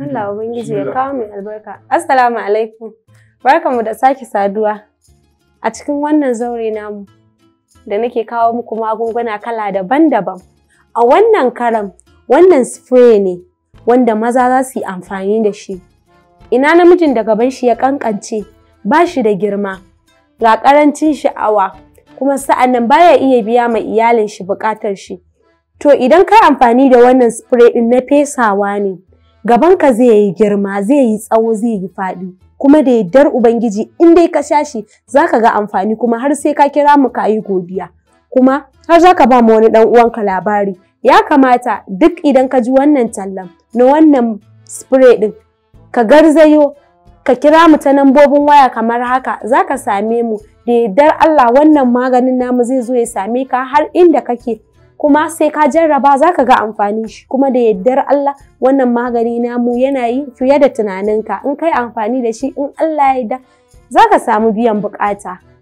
Allah Ubangiji ya kawo mai albarka. Assalamu alaikum. mu da sake saduwa a cikin wannan zaure namu da nake kawo muku magunguna kala daban-daban. A wannan karam, wannan spray ne wanda maza za su yi amfani da shi. Ina namijin da gaban shi ya kankance, ba shi da girma, ga karancin sha'awa, kuma sa'an nan baya iya biya ma iyalin shi bukatar shi. To idan ka amfani da wannan spray din na fesawa ne, gabanka zai yi girma zai yi tsawo zai yi faɗi kuma da yardar ubangiji in dai ka sha shi zaka ga amfani kuma har sai ka kira mu ka yi godiya kuma har zaka ba mu wani dan uwanka labari ya kamata duk idan ka ji wannan tallan na wannan spray din ka garzayo ka kira mu ta nambobin waya kamar haka zaka same mu da yardar Allah wannan maganin namu zai zo ya same ka har inda kake kuma sai ka jarraba za ka ga amfani shi kuma da yardar Allah wannan magani namu yana yi fiye da tunaninka in kai amfani da shi in Allah ya yarda za ka samu biyan bukata.